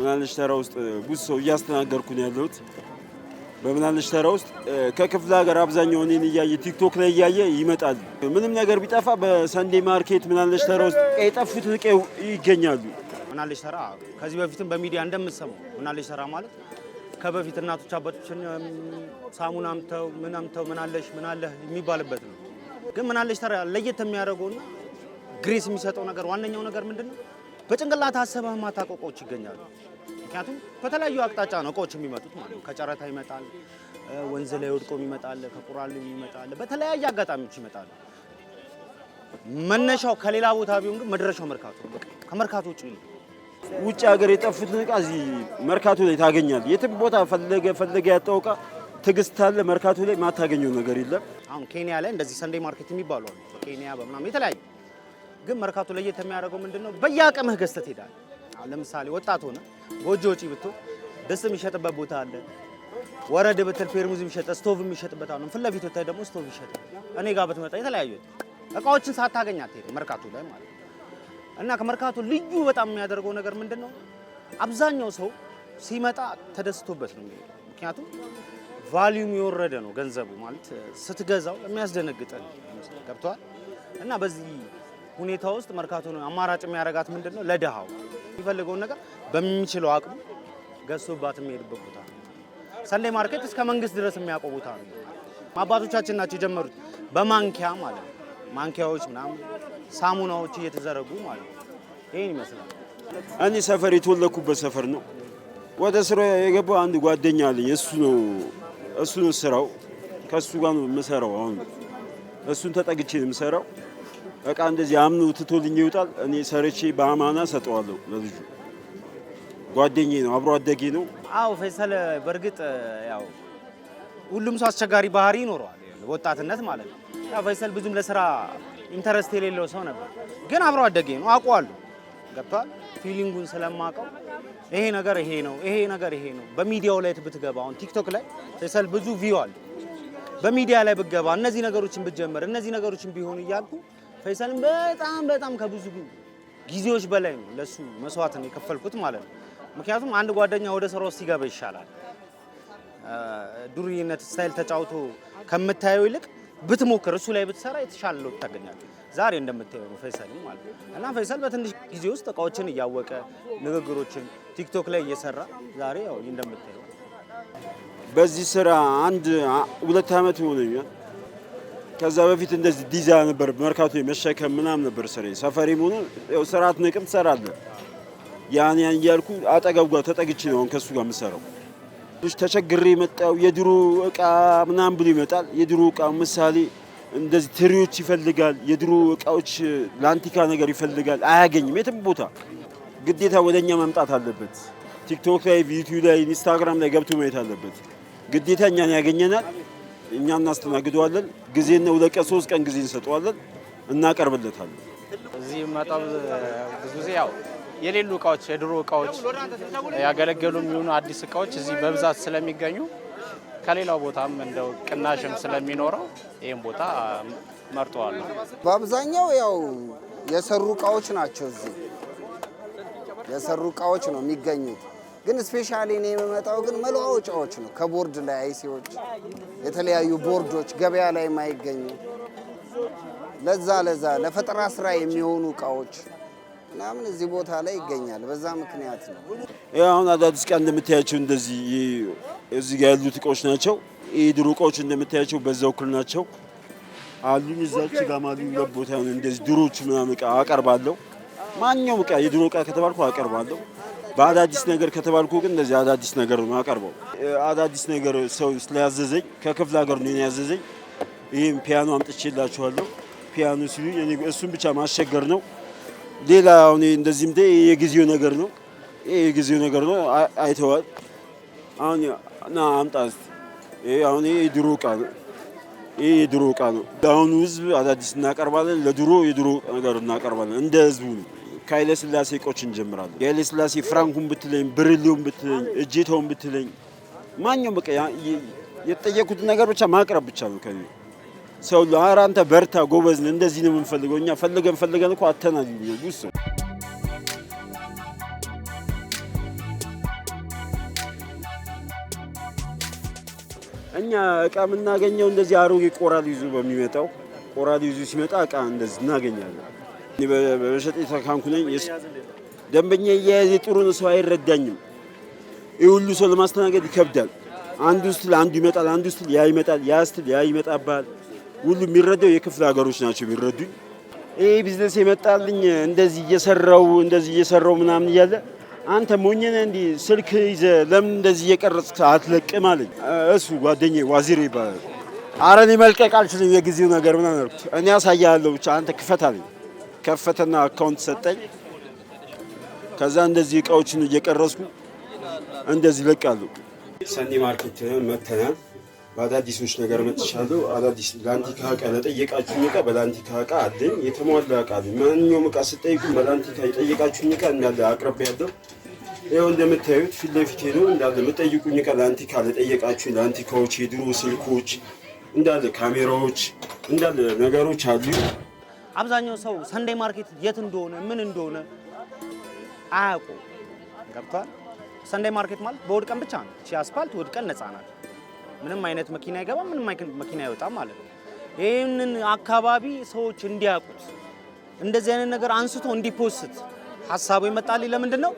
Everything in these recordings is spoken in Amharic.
ምናልሽ ተራ ውስጥ ብዙ ሰው እያስተናገርኩ ነው ያለሁት። በምናልሽ ተራ ውስጥ ከክፍለ ሀገር አብዛኛው እኔን እያየ ቲክቶክ ላይ እያየ ይመጣል። ምንም ነገር ቢጠፋ በሰንዴ ማርኬት ምናልሽ ተራ ውስጥ የጠፉት እቄ ይገኛሉ። ምናልሽ ተራ ከዚህ በፊትም በሚዲያ እንደምትሰማው ምናልሽ ተራ ማለት ከበፊት እናቶች አባቶችን ሳሙና አምተው ምን አምተው ምናለሽ ምናለህ የሚባልበት ነው። ግን ምናለሽ ተራ ለየት የሚያደርገውና ግሬስ የሚሰጠው ነገር ዋነኛው ነገር ምንድን ነው? በጭንቅላት አሰበህ ማታቆቆች ይገኛሉ። ምክንያቱም ከተለያዩ አቅጣጫ ነው እቃዎች የሚመጡት ማለት ነው። ከጨረታ ይመጣል፣ ወንዝ ላይ ወድቆ ይመጣል፣ ከቁራል ይመጣል፣ በተለያየ አጋጣሚዎች ይመጣሉ። መነሻው ከሌላ ቦታ ቢሆን ግን መድረሻው መርካቶ ነው። ከመርካቶ ውጭ ውጭ ሀገር የጠፉትን እቃ እዚህ መርካቶ ላይ ታገኛል። የትም ቦታ ፈለገ ፈለገ ያጣው እቃ ትግስት አለ መርካቶ ላይ ማታገኘው ነገር የለም። አሁን ኬንያ ላይ እንደዚህ ሰንዴ ማርኬት የሚባሉ አሉ። በኬንያ በምናምን የተለያየ ግን መርካቶ ለየት የሚያደርገው ምንድን ነው? በየአቅምህ ገዝተህ ትሄዳለህ። አሁን ለምሳሌ ወጣት ሆነ ጎጆ ወጪ ብትሆን ድስት የሚሸጥበት ቦታ አለ። ወረድ ብትል ፌርሙዝ የሚሸጥ ስቶቭ የሚሸጥበት አሁን ፊት ለፊት ወታይ ደግሞ ስቶቭ ይሸጥ። እኔ ጋር ብትመጣ የተለያዩ እቃዎችን ሳታገኝ አትሄድም መርካቶ ላይ ማለት ነው። እና ከመርካቶ ልዩ በጣም የሚያደርገው ነገር ምንድን ነው? አብዛኛው ሰው ሲመጣ ተደስቶበት ነው የሚሄደው። ምክንያቱም ቫሊዩም የወረደ ነው ገንዘቡ ማለት ስትገዛው የሚያስደነግጠን ገብተዋል እና በዚህ ሁኔታ ውስጥ መርካቶ ነው አማራጭ የሚያደርጋት ምንድን ነው? ለድሃው የሚፈልገውን ነገር በሚችለው አቅሙ ገዝቶባት የሚሄድበት ቦታ ነው። ሰንዴ ማርኬት እስከ መንግስት ድረስ የሚያውቀው ቦታ ነው። አባቶቻችን ናቸው የጀመሩት በማንኪያ ማለት ነው። ማንኪያዎች ምናምን ሳሙናዎች እየተዘረጉ ማለት ነው። ይህን ይመስላል። እኔ ሰፈር የተወለኩበት ሰፈር ነው። ወደ ስራ የገባው አንድ ጓደኛ አለኝ። እሱ ነው እሱ ነው ስራው። ከእሱ ጋር ነው የምሰራው። አሁን እሱን ተጠግቼ ነው የምሰራው። እቃ እንደዚህ አምኖ ትቶልኝ ይውጣል እኔ ሰርቼ በአማና ሰጠዋለሁ ለልጁ። ጓደኜ ነው፣ አብሮ አደጌ ነው። አዎ ፈይሰል፣ በእርግጥ ያው ሁሉም ሰው አስቸጋሪ ባህሪ ይኖረዋል፣ ወጣትነት ማለት ነው። ያው ፈይሰል ብዙም ለስራ ኢንተረስት የሌለው ሰው ነበር፣ ግን አብሮ አደጌ ነው፣ አውቀዋለሁ። ገብቷል። ፊሊንጉን ስለማውቀው ይሄ ነገር ይሄ ነው፣ ይሄ ነገር ይሄ ነው። በሚዲያው ላይ ብትገባ አሁን ቲክቶክ ላይ ፈይሰል ብዙ ቪው አለ። በሚዲያ ላይ ብትገባ እነዚህ ነገሮችን ብትጀምር እነዚህ ነገሮችን ቢሆኑ እያልኩ ፈይሰልን በጣም በጣም ከብዙ ጊዜዎች በላይ ነው ለሱ መስዋዕት ነው የከፈልኩት ማለት ነው። ምክንያቱም አንድ ጓደኛ ወደ ስራው ሲገባ ይሻላል። ዱርዬነት ስታይል ተጫውቶ ከምታየው ይልቅ ብትሞክር እሱ ላይ ብትሰራ የተሻለ ለውጥ ታገኛለህ። ዛሬ እንደምታየው ነው ፈይሰል ማለት እና ፈይሰል በትንሽ ጊዜ ውስጥ እቃዎችን እያወቀ ንግግሮችን ቲክቶክ ላይ እየሰራ ዛሬ ያው እንደምታየው በዚህ ስራ አንድ ሁለት ዓመት ይሆነኛል ከዛ በፊት እንደዚህ ዲዛ ነበር መርካቶ መሸከም ምናም ነበር ስራ። ሰፈሪ ሆኖ ስርዓት ንቅም ትሰራለህ። ያን ያን እያልኩ አጠገብ ጋር ተጠግቼ ነው ከሱ ጋር የምሰራው። ተቸግሬ መጣው የድሮ እቃ ምናምን ብሎ ይመጣል። የድሮ እቃ ምሳሌ እንደዚህ ትሪዎች ይፈልጋል። የድሮ እቃዎች ለአንቲካ ነገር ይፈልጋል። አያገኝም የትም ቦታ። ግዴታ ወደኛ መምጣት አለበት። ቲክቶክ ላይ፣ ዩቲዩብ ላይ፣ ኢንስታግራም ላይ ገብቶ ማየት አለበት። ግዴታ እኛን ያገኘናል። እኛ እናስተናግደዋለን። ጊዜና ሁለት ቀን ሶስት ቀን ጊዜ እንሰጠዋለን፣ እናቀርብለታለን። እዚህ መጣም ብዙ ጊዜ ያው የሌሉ እቃዎች የድሮ እቃዎች ያገለገሉ የሚሆኑ አዲስ እቃዎች እዚህ በብዛት ስለሚገኙ ከሌላው ቦታም እንደው ቅናሽም ስለሚኖረው ይህም ቦታ መርጠዋለሁ። በአብዛኛው ያው የሰሩ እቃዎች ናቸው እዚህ የሰሩ እቃዎች ነው የሚገኙት። ግን ስፔሻሊ እኔ የምመጣው ግን መለዋወጫዎች ነው። ከቦርድ ላይ አይሲዎች፣ የተለያዩ ቦርዶች ገበያ ላይ ማይገኙ ለዛ ለዛ ለፈጠራ ስራ የሚሆኑ እቃዎች ምናምን እዚህ ቦታ ላይ ይገኛል። በዛ ምክንያት ነው። አሁን አዳዲስ እቃ እንደምታያቸው እንደዚህ እዚህ ጋር ያሉት እቃዎች ናቸው። የድሮ እቃዎች እንደምታያቸው በዛ እኩል ናቸው አሉኝ። እዛች ጋር ማግኘት ቦታ እንደዚህ ድሮቹ ምናምን እቃ አቀርባለሁ። ማንኛውም እቃ የድሮ እቃ ከተባልኩ አቀርባለሁ። በአዳዲስ ነገር ከተባልኩ ግን እንደዚህ አዳዲስ ነገር ነው አቀርበው። አዳዲስ ነገር ሰው ስለያዘዘኝ ከክፍለ ሀገር ነው ያዘዘኝ። ይህም ፒያኖ አምጥቼላችኋለሁ። ፒያኖ ሲሉ እሱን ብቻ ማስቸገር ነው። ሌላ አሁን እንደዚህም ደ የጊዜው ነገር ነው። ይህ የጊዜው ነገር ነው። አይተዋል። አሁን ና አምጣ። አሁን ድሮ እቃ ነው። ይህ የድሮ እቃ ነው። ለአሁኑ ህዝብ አዳዲስ እናቀርባለን፣ ለድሮ የድሮ ነገር እናቀርባለን። እንደ ህዝቡ ነው። ስላሴ ቆች እንጀምራለን። ስላሴ ፍራንኩን ብትለኝ፣ ብርሌውን ብትለኝ፣ እጅተውን ብትለኝ ማኛው በቃ የተጠየኩት ነገር ብቻ ማቅረብ ብቻ ነው። ከኔ ሰው ኧረ አንተ በርታ ጎበዝን፣ እንደዚህ ነው የምንፈልገው እኛ ፈልገን ፈልገን እኮ አተናል ይሉ እኛ እቃ የምናገኘው እንደዚህ አሮጌ ቆራል ይዞ በሚመጣው ቆራል ይዞ ሲመጣ እቃ እንደዚህ እናገኛለን። በመሸጥ የተካንኩ ነኝ። ደንበኛ እያያዘ ጥሩ ነው፣ ሰው አይረዳኝም። ይህ ሁሉ ሰው ለማስተናገድ ይከብዳል። አንዱ ስትል አንዱ ይመጣል፣ አንዱ ስትል ያ ይመጣል፣ ያ ስትል ያ ይመጣባል። ሁሉ የሚረዳው የክፍለ ሀገሮች ናቸው የሚረዱኝ። ይህ ቢዝነስ የመጣልኝ እንደዚህ እየሰራው እንደዚህ እየሰራው ምናምን እያለ አንተ ሞኝነ እንዲ ስልክ ይዘ ለምን እንደዚህ እየቀረጽ አትለቅም አለኝ። እሱ ጓደኛ ዋዚር ይባላል። አረ እኔ መልቀቅ አልችልም የጊዜው ነገር ምናምን አልኩት። እኔ አሳያለሁ ብቻ አንተ ክፈት አለኝ። ከፈተና አካውንት ሰጠኝ። ከዛ እንደዚህ እቃዎችን እየቀረስኩ እንደዚህ ለቃሉ። ሰኒ ማርኬት መተናል። በአዳዲሶች ነገር መጥቻለሁ። አዳዲስ ለአንቲካ እቃ ለጠየቃችሁኝ እቃ በለአንቲካ እቃ አለኝ። የተሟላ እቃ አለኝ። ማንኛውም እቃ ስጠይቁ በለአንቲካ የጠየቃችሁኝ እቃ እንዳለ አቅርብ ያለው ይኸው እንደምታዩት ፊት ለፊቴ ነው። እንዳለ የምጠይቁኝ እቃ ለአንቲካ ለጠየቃችሁኝ ለአንቲካዎች የድሮ ስልኮች እንዳለ ካሜራዎች እንዳለ ነገሮች አሉ። አብዛኛው ሰው ሰንደይ ማርኬት የት እንደሆነ ምን እንደሆነ አያውቁ። ገብቷል። ሰንደይ ማርኬት ማለት በእሑድ ቀን ብቻ ነው። እሺ፣ አስፋልት እሑድ ቀን ነፃ ናት። ምንም አይነት መኪና አይገባም፣ ምንም አይነት መኪና አይወጣም ማለት ነው። ይህንን አካባቢ ሰዎች እንዲያውቁት እንደዚህ አይነት ነገር አንስቶ እንዲፖስት ሀሳቡ ይመጣል። ለምንድን ነው?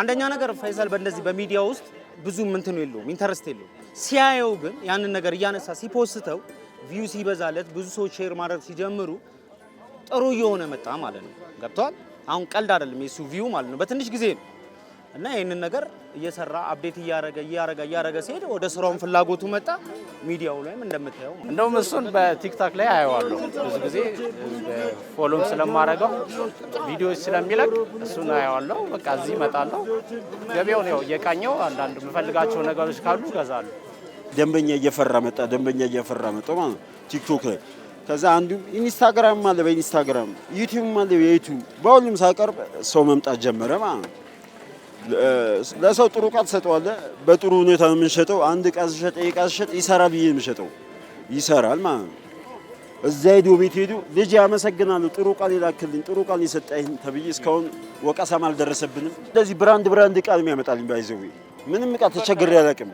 አንደኛ ነገር ፈይሰል በእንደዚህ በሚዲያ ውስጥ ብዙ ምንትኑ የለውም፣ ኢንተረስት የለውም። ሲያየው ግን ያንን ነገር እያነሳ ሲፖስተው ቪው ሲበዛለት ብዙ ሰዎች ሼር ማድረግ ሲጀምሩ ጥሩ እየሆነ መጣ ማለት ነው። ገብቷል። አሁን ቀልድ አይደለም የሱ ቪው ማለት ነው። በትንሽ ጊዜ ነው እና ይህንን ነገር እየሰራ አብዴት እያረገ እያረገ እያረገ ሲሄድ ወደ ስራውን ፍላጎቱ መጣ። ሚዲያው ላይም እንደምታየው እንደውም እሱን በቲክታክ ላይ አየዋለሁ ብዙ ጊዜ ፎሎም ስለማረገው ቪዲዮዎች ስለሚለቅ እሱን አየዋለሁ። በቃ እዚህ እመጣለሁ። ገበያውን ያው እየቃኘው አንዳንድ የምፈልጋቸው ነገሮች ካሉ እገዛለሁ። ደንበኛ እየፈራ መጣ። ደንበኛ እየፈራ መጣ ማለት ነው ቲክቶክ ላይ ከዛ አንዱ ኢንስታግራም አለ፣ በኢንስታግራም ዩቲዩብ አለ፣ በዩቲዩብ በሁሉም ሳቀርብ ሰው መምጣት ጀመረ ማለት ለሰው ጥሩ እቃ ትሰጠዋለህ። በጥሩ ሁኔታ ነው የምንሸጠው። አንድ እቃ ስሸጥ እቃ ስሸጥ ይሰራል ብዬ የምሸጠው ይሰራል ማለት ነው። እዛ ሄዱ ቤት ሄዱ ልጅ ያመሰግናሉ። ጥሩ ቃል ይላክልኝ ጥሩ ቃል ይሰጣይን ተብዬ እስካሁን ወቀሳም አልደረሰብንም። እንደዚህ ብራንድ ብራንድ እቃ ነው የሚያመጣልኝ። ባይዘዊ ምንም እቃ ተቸግሬ አላውቅም።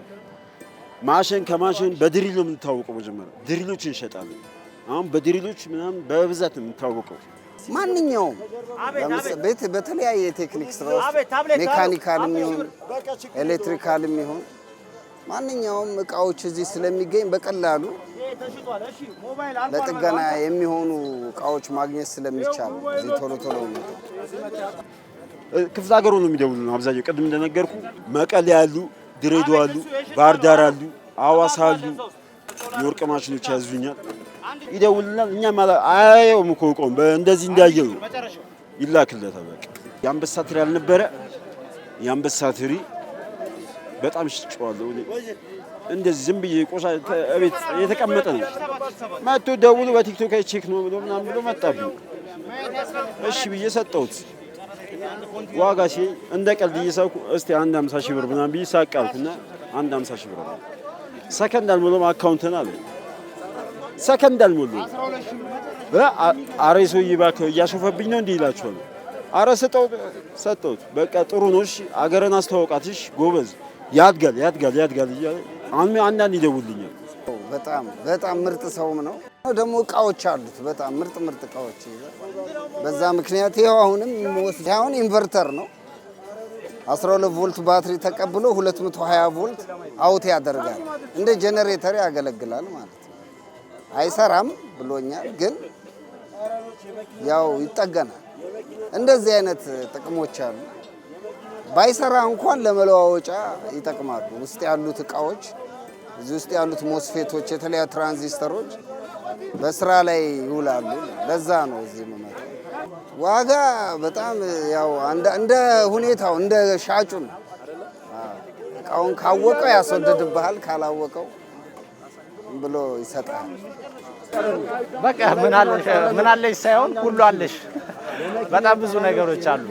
ማሽን ከማሽን በድሪል ነው የምንታወቀው። መጀመሪያ ድሪሎች እንሸጣለን። አሁን በድሪሎች ምናምን በብዛት የምታወቀው ማንኛውም ቤት በተለያየ ቴክኒክ ስራ ሜካኒካልም ይሁን ኤሌክትሪካልም ይሁን ማንኛውም እቃዎች እዚህ ስለሚገኝ በቀላሉ ለጥገና የሚሆኑ እቃዎች ማግኘት ስለሚቻል እዚህ ቶሎ ቶሎ ክፍለ ሀገሩ ነው የሚደውሉ ነው አብዛኛው። ቅድም እንደነገርኩ መቀሌ ያሉ፣ ድሬዳዋ አሉ፣ ባህር ዳር አሉ፣ አዋሳ አሉ የወርቅ ማሽኖች ያዙኛል። ይደውልናል። እኛም አያየውም እኮ ቆም እንደዚህ እንዳየው ይላክለታል። በቃ የአንበሳ ትሪ አልነበረ የአንበሳ ትሪ በጣም ሽጨዋለሁ። እንደዚህ ዝም ብዬ ቆሻ ቤት የተቀመጠ ነው መቶ ደውሎ በቲክቶክ ቼክ ነው ብሎ ምናምን ብሎ መጣብኝ። እሺ ብዬ ሰጠሁት። ዋጋ ሲ እንደ ቀልድ እየሳኩ እስቲ አንድ ሃምሳ ሺህ ብር ምናምን ብዬ ሳቃልኩና አንድ ሃምሳ ሺህ ብር ሰከንድ አልሞላም አካውንትን አለ ሰከንድ አልሞሉ። አረ ሰው እባክህ እያሾፈብኝ ነው እንዲህ ይላቸው ነው። አረ ስጠው ሰጠውት። በቃ ጥሩ ነው እሺ፣ አገረን አስተዋውቃትሽ ጎበዝ፣ ያድጋል ያድጋል ያድጋል እያለ አንዳንድ ይደውልኛል። በጣም በጣም ምርጥ ሰውም ነው። ደግሞ እቃዎች አሉት በጣም ምርጥ ምርጥ እቃዎች። በዛ ምክንያት ይኸው አሁንም የሚወስድ አሁን ኢንቨርተር ነው 12 ቮልት ባትሪ ተቀብሎ 220 ቮልት አውት ያደርጋል። እንደ ጀኔሬተር ያገለግላል ማለት አይሰራም ብሎኛል፣ ግን ያው ይጠገናል። እንደዚህ አይነት ጥቅሞች አሉ። ባይሰራ እንኳን ለመለዋወጫ ይጠቅማሉ። ውስጥ ያሉት እቃዎች፣ እዚህ ውስጥ ያሉት ሞስፌቶች፣ የተለያዩ ትራንዚስተሮች በስራ ላይ ይውላሉ። ለዛ ነው እዚህ የምመጣው። ዋጋ በጣም ያው እንደ ሁኔታው እንደ ሻጩ ነው። እቃውን ካወቀው ያስወድድብሃል፣ ካላወቀው ብሎ ይሰጣል። በቃ ምን አለሽ ሳይሆን ሁሉ አለሽ። በጣም ብዙ ነገሮች አሉ።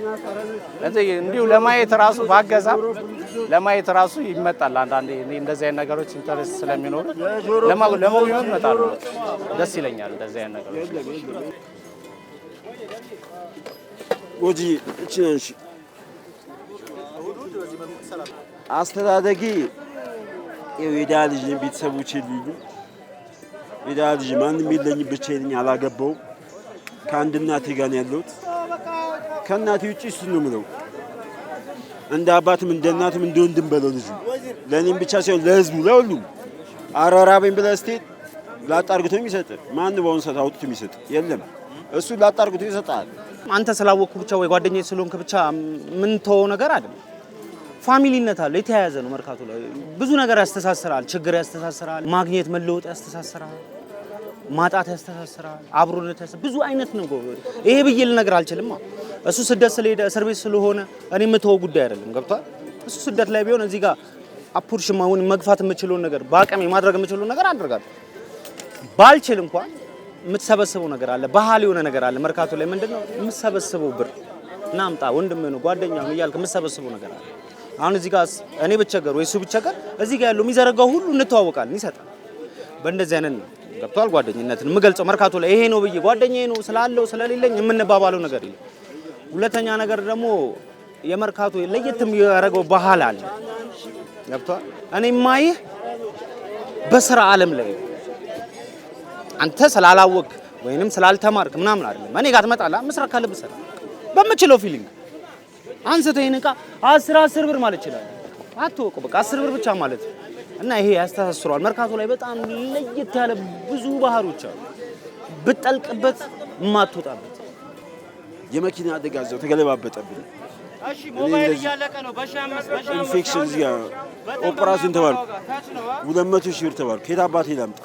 እንዲሁ ለማየት ራሱ ባገዛም ለማየት ራሱ ይመጣል። አንዳንዴ እንደዚህ አይነት ነገሮች ኢንተረስት ስለሚኖሩ ለመውየት ይመጣሉ። ደስ ይለኛል እንደዚህ አይነት ነገሮች። ጎጂ አስተዳደጊ የዳ ልጅ ቤተሰቦች የሉኝም። የዳ ልጅ ማንም የለኝም፣ ብቻዬን አላገባውም። ከአንድ እናቴ ጋር ነው ያለሁት። ከእናቴ ውጭ እሱ ነው የምለው። እንደ አባትም እንደ እናትም እንደ ወንድም በለው ልጁ። ለእኔም ብቻ ሳይሆን ለህዝቡ፣ ለሁሉም አራራበኝ ብለህ ስትሄድ ላጣርግቶ የሚሰጥ ማን በአሁኑ ሰዓት አውጥቶ የሚሰጥ የለም። እሱ ላጣርግቶ ይሰጣል። አንተ ስላወቅኩ ብቻ ወይ ጓደኛ ስለሆንክ ብቻ ምን ተወው ነገር አይደለም። ፋሚሊነት አለ፣ የተያያዘ ነው። መርካቶ ላይ ብዙ ነገር ያስተሳስራል። ችግር ያስተሳስራል፣ ማግኘት መለወጥ ያስተሳስራል፣ ማጣት ያስተሳስራል፣ አብሮነት ያስ ብዙ አይነት ነው። ይሄ ብዬ ልነግር አልችልም። እሱ ስደት ስለሄደ እስር ቤት ስለሆነ እኔ የምትወው ጉዳይ አይደለም። ገብቷል። እሱ ስደት ላይ ቢሆን እዚህ ጋር አፑርሽ ማውን መግፋት የምችለውን ነገር በአቅሜ ማድረግ የምችለውን ነገር አድርጋለሁ። ባልችል እንኳን የምትሰበስበው ነገር አለ፣ ባህል የሆነ ነገር አለ። መርካቶ ላይ ምንድነው የምትሰበስበው ብር እናምጣ ወንድም ነው ጓደኛ እያልክ የምትሰበስበው ነገር አለ። አሁን እዚህ ጋር እኔ ብቸገር ወይ እሱ ብቸገር እዚህ ጋር ያለው የሚዘረጋው ሁሉ እንተዋወቃለን፣ ይሰጣል። በእንደዚህ አይነት ነው ገብቷል። ጓደኝነትን የምገልጸው መርካቶ ላይ ይሄ ነው ብዬ ጓደኛ ነው ስላለው ስለሌለኝ የምንባባለው ነገር የለም። ሁለተኛ ነገር ደግሞ የመርካቶ ለየት የሚያደርገው ባህል አለ። ገብቷል። እኔ ማይህ በስራ አለም ላይ አንተ ስላላወቅ ወይንም ስላልተማርክ ምናምን አይደለም። እኔ ጋር ትመጣላ፣ መስራት ካለብህ ስራ በምችለው ፊሊንግ አንስተ ይህን እቃ አስር አስር ብር ማለት ይችላል። አትወቁ በቃ አስር ብር ብቻ ማለት እና ይሄ ያስተሳስሯል። መርካቶ ላይ በጣም ለየት ያለ ብዙ ባህሮች አሉ። ብጠልቅበት የማትወጣበት የመኪና አደጋ እዛው ተገለባበጠብኝ። ሞባይል እያለቀ ነው። ኢንፌክሽን እዚህ ጋር ኦፕራሲዮን ተባልኩ። ሁለት መቶ ሺህ ብር ተባልኩ። ከየት አባቴ ላምጣ?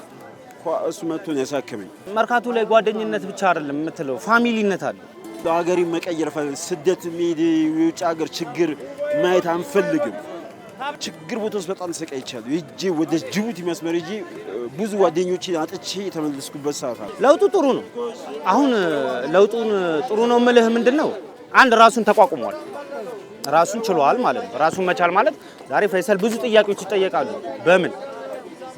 እሱ መቶን ያሳከመኝ። መርካቶ ላይ ጓደኝነት ብቻ አይደለም የምትለው ፋሚሊነት አለ። ለሀገሪ መቀየር ስደት መሄድ የውጭ ሀገር ችግር ማየት አንፈልግም። ችግር ቦታ ውስጥ በጣም ተሰቃይቻለሁ። ሂጄ ወደ ጅቡቲ የሚያስመር ሂጄ ብዙ ጓደኞች አጥቼ የተመለስኩበት ሰዓት አለ። ለውጡ ጥሩ ነው። አሁን ለውጡን ጥሩ ነው የምልህ ምንድን ነው፣ አንድ ራሱን ተቋቁሟል፣ ራሱን ችሏል ማለት ነው። ራሱን መቻል ማለት ዛሬ ፈይሰል ብዙ ጥያቄዎች ይጠየቃሉ። በምን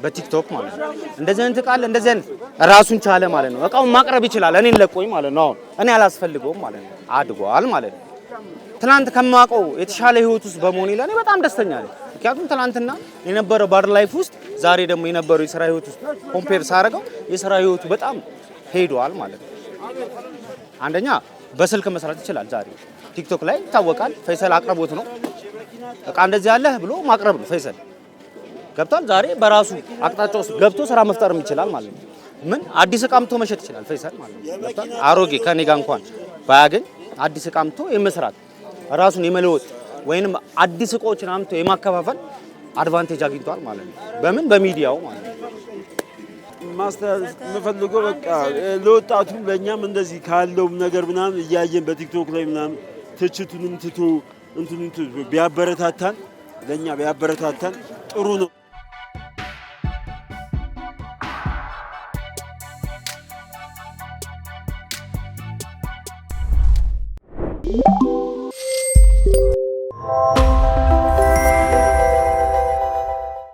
በቲክቶክ ማለት ነው። እንደዚህ አይነት እቃ አለ። እንደዚህ አይነት ራሱን ቻለ ማለት ነው። እቃውን ማቅረብ ይችላል። እኔን ለቆኝ ማለት ነው። እኔ አላስፈልገውም ማለት ነው። አድጓል ማለት ነው። ትናንት ከማውቀው የተሻለ ህይወት ውስጥ በመሆኔ ለእኔ በጣም ደስተኛ ነኝ። ምክንያቱም ትናንትና የነበረው ባር ላይፍ ውስጥ ዛሬ ደግሞ የነበረው የስራ ህይወት ውስጥ ኮምፔር ሳደርገው የስራ ህይወቱ በጣም ሄዷል ማለት ነው። አንደኛ በስልክ መስራት ይችላል። ዛሬ ቲክቶክ ላይ ይታወቃል። ፈይሰል አቅርቦት ነው። እቃ እንደዚህ ያለህ ብሎ ማቅረብ ነው ፈይሰል ገብቷል። ዛሬ በራሱ አቅጣጫ ውስጥ ገብቶ ስራ መፍጠርም ይችላል ማለት ነው። ምን አዲስ እቃ አምጥቶ መሸጥ ይችላል ፈይሳል ማለት ነው። አሮጌ ከኔ ጋር እንኳን ባያገኝ አዲስ እቃ አምጥቶ የመስራት ራሱን የመለወጥ ወይንም አዲስ እቃዎችን አምጥቶ የማከፋፈል አድቫንቴጅ አግኝቷል ማለት ነው። በምን በሚዲያው ማለት ነው። ማስተር የምፈልገው በቃ ለወጣቱም ለእኛም እንደዚህ ካለውም ነገር ምናምን እያየን በቲክቶክ ላይ ምናምን ትችቱንም ትቶ እንትኑን ቢያበረታታን ለእኛ ቢያበረታታን ጥሩ ነው።